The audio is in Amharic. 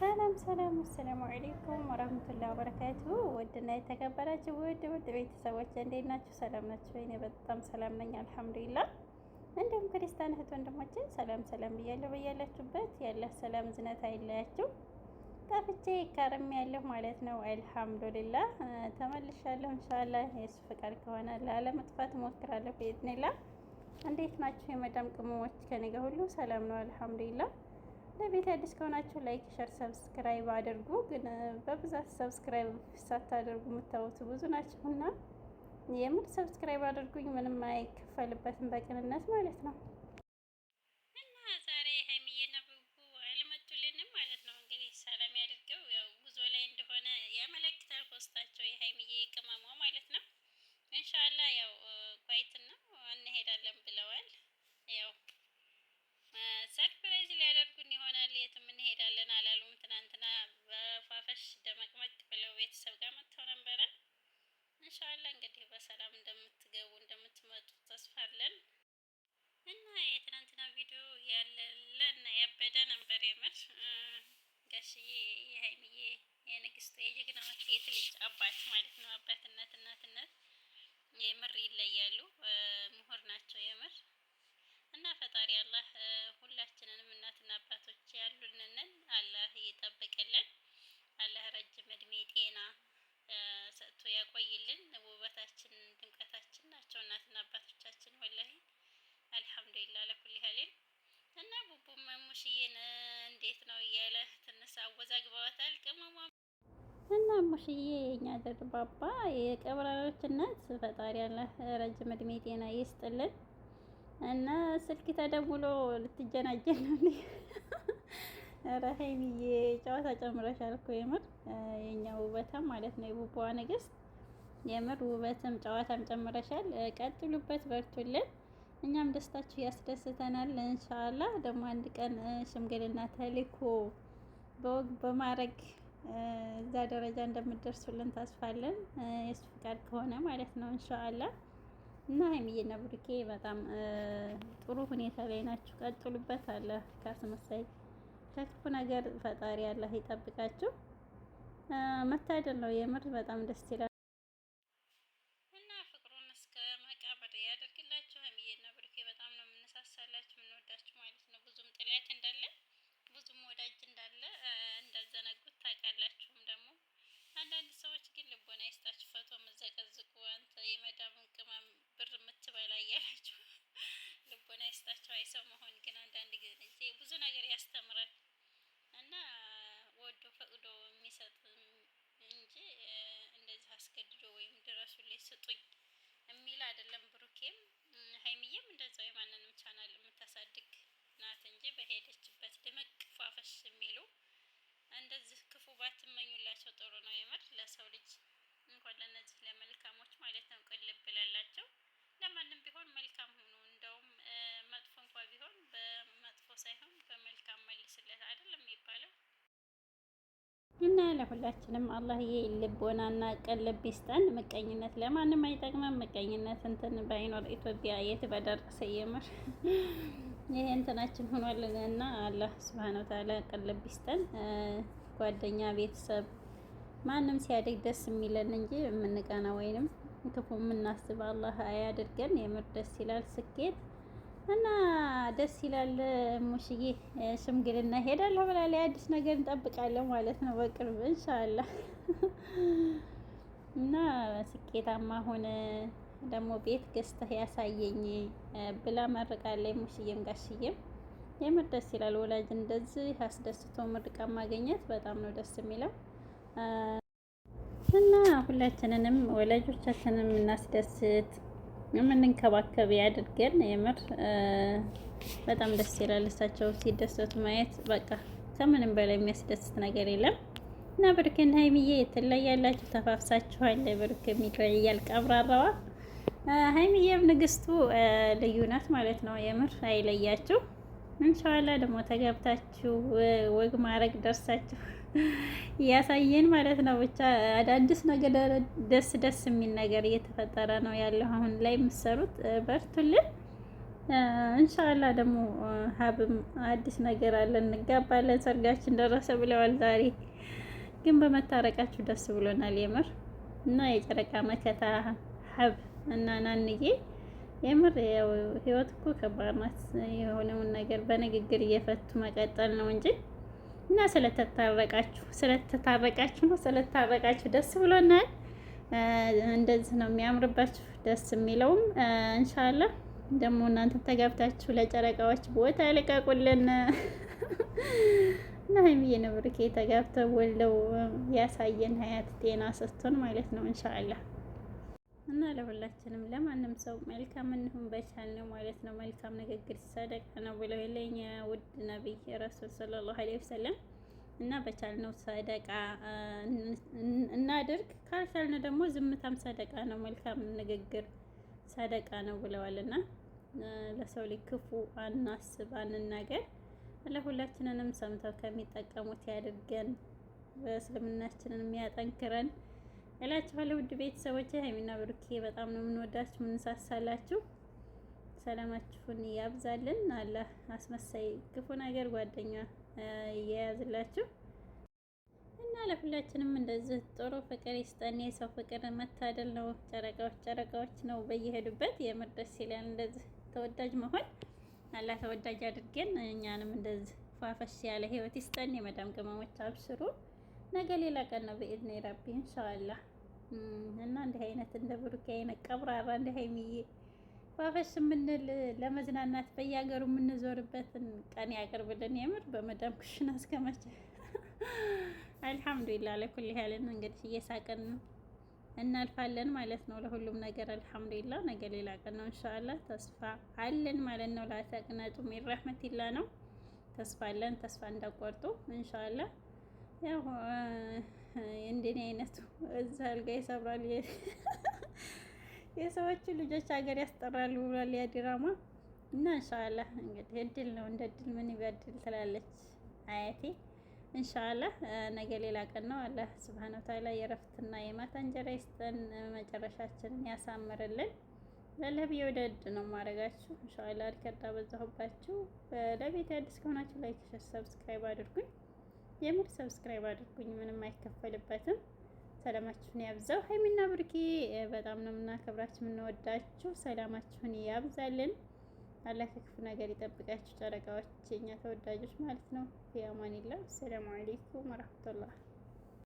ሰላም ሰላም፣ አሰላሙ አሌይኩም ወረህመቱላሂ ወበረካቱ። ውድና የተከበራችሁ ውድ ውድ ቤተሰቦች እንዴት ናችሁ? ሰላም ናችሁ? እኔ በጣም ሰላም ነኝ አልሐምዱሊላህ። እንዲሁም ክርስቲያን እህት ወንድሞቼ ሰላም ሰላም ብያለሁ። በያላችሁበት ያለ ሰላም ዝነት አይለያችሁ። ጠፍቼ ከርም ያለሁ ማለት ነው። አልሐምዱሊላህ ተመልሻለሁ። እንሻላ የሱ ፍቃድ ከሆነ ላለመጥፋት እሞክራለሁ ብኢድኒላህ እንዴት ናቸው የመዳም ቅመሞች? ከኔ ጋር ሁሉ ሰላም ነው አልሐምዱሊላ። ለቤት አዲስ ከሆናችሁ ላይክ፣ ሸር፣ ሰብስክራይብ አድርጉ። ግን በብዛት ሰብስክራይብ ሳታደርጉ የምታወቱ ብዙ ናችሁና የምር ሰብስክራይብ አድርጉኝ። ምንም አይከፈልበትም በቅንነት ማለት ነው። በሰላም እንደምትገቡ እንደምትመጡ ተስፋ አለን እና የትናንትና ቪዲዮ ያለለና ያበደ ነበር የምር ጋሽዬ የሀይሚዬ የንግስት የጀግናዎች የት ልጅ አባት ማለት ነው። አባትነት እናትነት የምር ይለያሉ። ምሁር ናቸው የምር እና ፈጣሪ አላህ ሁላችንንም እናትና አባቶች ያሉንንን አላህ ይጠብቅልን። አላህ ረጅም እድሜ ጤና ሰጥቶ ያቆይልን። ውበታችን፣ ድምቀታችን ናቸው እናትና አባቶቻችን። ወላሂ አልሐምዱሊላ ለኩል ያህልን እና ቡቡ ሙሽዬን እንዴት ነው እያለ ትንሽ አወዛግበዋታል። ቅመሟ እና ሙሽዬ የኛ ደጥባባ የቀብራሮች እናት ፈጣሪ ያለ ረጅም እድሜ ጤና ይስጥልን። እና ስልክ ተደውሎ ልትጀናጀን ነው ኧረ ሀይሚዬ ጨዋታ ጨምረሻል እኮ የምር የኛ ውበትም ማለት ነው የቡባዋ ንግስት የምር ውበትም ጨዋታም ጨምረሻል። ቀጥሉበት፣ በርቱልን። እኛም ደስታችሁ ያስደስተናል። እንሻላ ደግሞ አንድ ቀን ሽምግልና ተልኮ በወግ በማድረግ እዛ ደረጃ እንደምደርሱልን ታስፋለን። የሱ ፍቃድ ከሆነ ማለት ነው እንሻላ እና ሀይሚዬና ብሩኬ በጣም ጥሩ ሁኔታ ላይ ናችሁ። ቀጥሉበት አለ ካስመሳይ ከክፉ ነገር ፈጣሪ አላህ ይጠብቃችሁ። መታደል ነው የምር በጣም ደስ ይላል። ፍቅሩን ብዙም እንዳለ ብዙም ወዳጅ እንዳለ ታውቃላችሁም ደግሞ አንዳንድ ሰዎች ፈቶ መዘቀዝቁ አንተ የመዳሙን ቅመም ብር የምትበላ እያላችሁ ጤና ይስጣቸው። አይሰው መሆን ግን አንዳንድ ጊዜ ብዙ ነገር ያስተምራል እና ወዶ ፈቅዶ የሚሰጥ እንጂ እንደዚህ አስገድዶ ወይም ድረሱልኝ ስጡኝ የሚል አይደለም። ብሩኬም ሀይሚዬም እንደዛ የማንንም ቻናል የምታሳድግ ናት እንጂ በሄደችበት ድምቅ ፏፈሽ የሚሉ እንደዚህ ክፉ ባትመኙላቸው ጥሩ ነው። የምር ለሰው ልጅ እንኳን ለነዚህ ለመልካሞች ማለት ነው ቅልብ ለማንም ቢሆን መልካም እና ለሁላችንም አላህ አላህዬ ልቦናና ቀልብ ይስጠን። ምቀኝነት ለማንም አይጠቅምም። ምቀኝነት እንትን ባይኖር ኢትዮጵያ የት በደረሰ የምር ይሄ እንትናችን ሆኗል እና አላህ ሱብሃነሁ ወተዓላ ቀልብ ይስጠን። ጓደኛ፣ ቤተሰብ ማንም ሲያደግ ደስ የሚለን እንጂ የምንቀና ወይንም ክፉ የምናስብ አላህ አያድርገን። የምር ደስ ይላል ስኬት እና ደስ ይላል። ሙሽዬ ሽምግልና ሄዳለሁ ላይ አዲስ ነገር እንጠብቃለን ማለት ነው በቅርብ እንሻላ እና ስኬታማ ሆነ ደግሞ ቤት ገዝተህ ያሳየኝ ብላ መርቃለች። ሙሽዬም ጋሽዬም የምር ደስ ይላል። ወላጅ እንደዚህ አስደስቶ ምርቃ ማገኘት በጣም ነው ደስ የሚለው እና ሁላችንንም ወላጆቻችንን እናስደስት። የምንንከባከብ ያድርገን። የምር በጣም ደስ ይላል እሳቸው ሲደሰቱ ማየት። በቃ ከምንም በላይ የሚያስደስት ነገር የለም። እና ብሩክና ሀይሚዬ ትለያላችሁ፣ ተፋፍሳችኋል። ብሩክ የሚለያል ቀብራራዋ፣ ሀይሚዬም ንግስቱ ልዩ ናት ማለት ነው። የምር አይለያችሁ። እንሻላ ደግሞ ተገብታችሁ ወግ ማድረግ ደርሳችሁ እያሳየን ማለት ነው። ብቻ አዳዲስ ነገር ደስ ደስ የሚል ነገር እየተፈጠረ ነው ያለው አሁን ላይ የምትሰሩት በርቱልን። እንሻላ ደግሞ ሀብም አዲስ ነገር አለ፣ እንጋባለን። ሰርጋችን ደረሰ ብለዋል። ዛሬ ግን በመታረቃችሁ ደስ ብሎናል የምር እና የጨረቃ መከታ ሀብ እና ናንዬ የምር ያው ህይወት እኮ ከባድ ናት። የሆነውን ነገር በንግግር እየፈቱ መቀጠል ነው እንጂ እና ስለተታረቃችሁ ስለተታረቃችሁ ነው ስለተታረቃችሁ ደስ ብሎናል። እንደዚህ ነው የሚያምርባችሁ ደስ የሚለውም እንሻላ ደግሞ እናንተ ተጋብታችሁ ለጨረቃዎች ቦታ ልቀቁልን እና ሀይሚዬ ነብርኬ ተጋብተው ወልደው ያሳየን ሀያት ጤና ሰጥቶን ማለት ነው እንሻላ እና ለሁላችንም ለማንም ሰው መልካም እንሁን በቻል ነው ማለት ነው። መልካም ንግግር ሰደቃ ነው ብለው የለኝ ውድ ነቢይ ረሱል ሰለላሁ ዐለይሂ ወሰለም እና በቻልነው ሰደቃ እናድርግ፣ ካልቻልነ ደግሞ ዝምታም ሰደቃ ነው፣ መልካም ንግግር ሰደቃ ነው ብለዋልና ለሰው ልጅ ክፉ አናስብ፣ አንናገር። ለሁላችንንም ሰምተው ከሚጠቀሙት ያድርገን፣ በእስልምናችንን የሚያጠንክረን እላችኋለሁ ውድ ቤተሰቦች ሀይሚና ብሩኬ በጣም ነው የምንወዳችሁ የምንሳሳላችሁ። ሰላማችሁን ያብዛልን። አላህ አስመሳይ ክፉ ነገር ጓደኛ እየያዝላችሁ እና ለሁላችንም እንደዚህ ጥሩ ፍቅር ይስጠን። የሰው ፍቅር መታደል ነው። ጨረቃዎች ጨረቃዎች ነው በየሄዱበት የምር ደስ ይላል። እንደዚህ ተወዳጅ መሆን አላህ ተወዳጅ አድርገን እኛንም እንደዚህ ፏፈሽ ያለ ህይወት ይስጠን። የመዳም ቅመሞች አብሽሩ። ነገ ሌላ ቀን ነው። በኢድኔ ረቢ እንሻአላ እና እንዲህ አይነት እንደ ብሩክ አይነት ቀብራራ እንደ ሀይሚዬ ባፈሽ የምንል ለመዝናናት በየሀገሩ የምንዞርበትን ቀን ያቅርብልን። የምር በመዳም ኩሽና እስከመቼ? አልሐምዱሊላ ለኩል ያለን እንግዲህ እየሳቅን እናልፋለን ማለት ነው። ለሁሉም ነገር አልሐምዱሊላ። ነገ ሌላ ቀን ነው እንሻላ። ተስፋ አለን ማለት ነው። ላተቅነጡ ሚን ረህመቲላ ነው ተስፋ አለን። ተስፋ እንዳቆርጡ እንሻላ። ያው እንደኔ አይነቱ እዛ አልጋ ይሰብራል ልጆች ሀገር ያስጠራሉ ብሏል ያ እና እንሻላ እንግዲህ እድል ነው እንደ እድል ምን ይበድል ትላለች አያቴ። እንሻላ ነገ ሌላ ቀን ነው። አላህ ወተዓላ የማታ እንጀራ ይስጠን፣ መጨረሻችንን ያሳምርልን። ለለብ ነው ማድረጋችሁ። እንሻላ አልከዳ ለቤት አዲስ ከሆናችሁ ላይክ፣ ሰብስክራይብ አድርጉኝ። የምር ሰብስክራይብ አድርጉኝ፣ ምንም አይከፈልበትም። ሰላማችሁን ያብዛው። ሀይሚና ብርኬ በጣም ነው የምናከብራችሁ የምንወዳችሁ። ሰላማችሁን ያብዛልን። አላህ ከክፉ ነገር ይጠብቃችሁ። ጨረቃዎች፣ የኛ ተወዳጆች ማለት ነው። ፊ አማኒላህ። ሰላም አለይኩም ወራህመቱላህ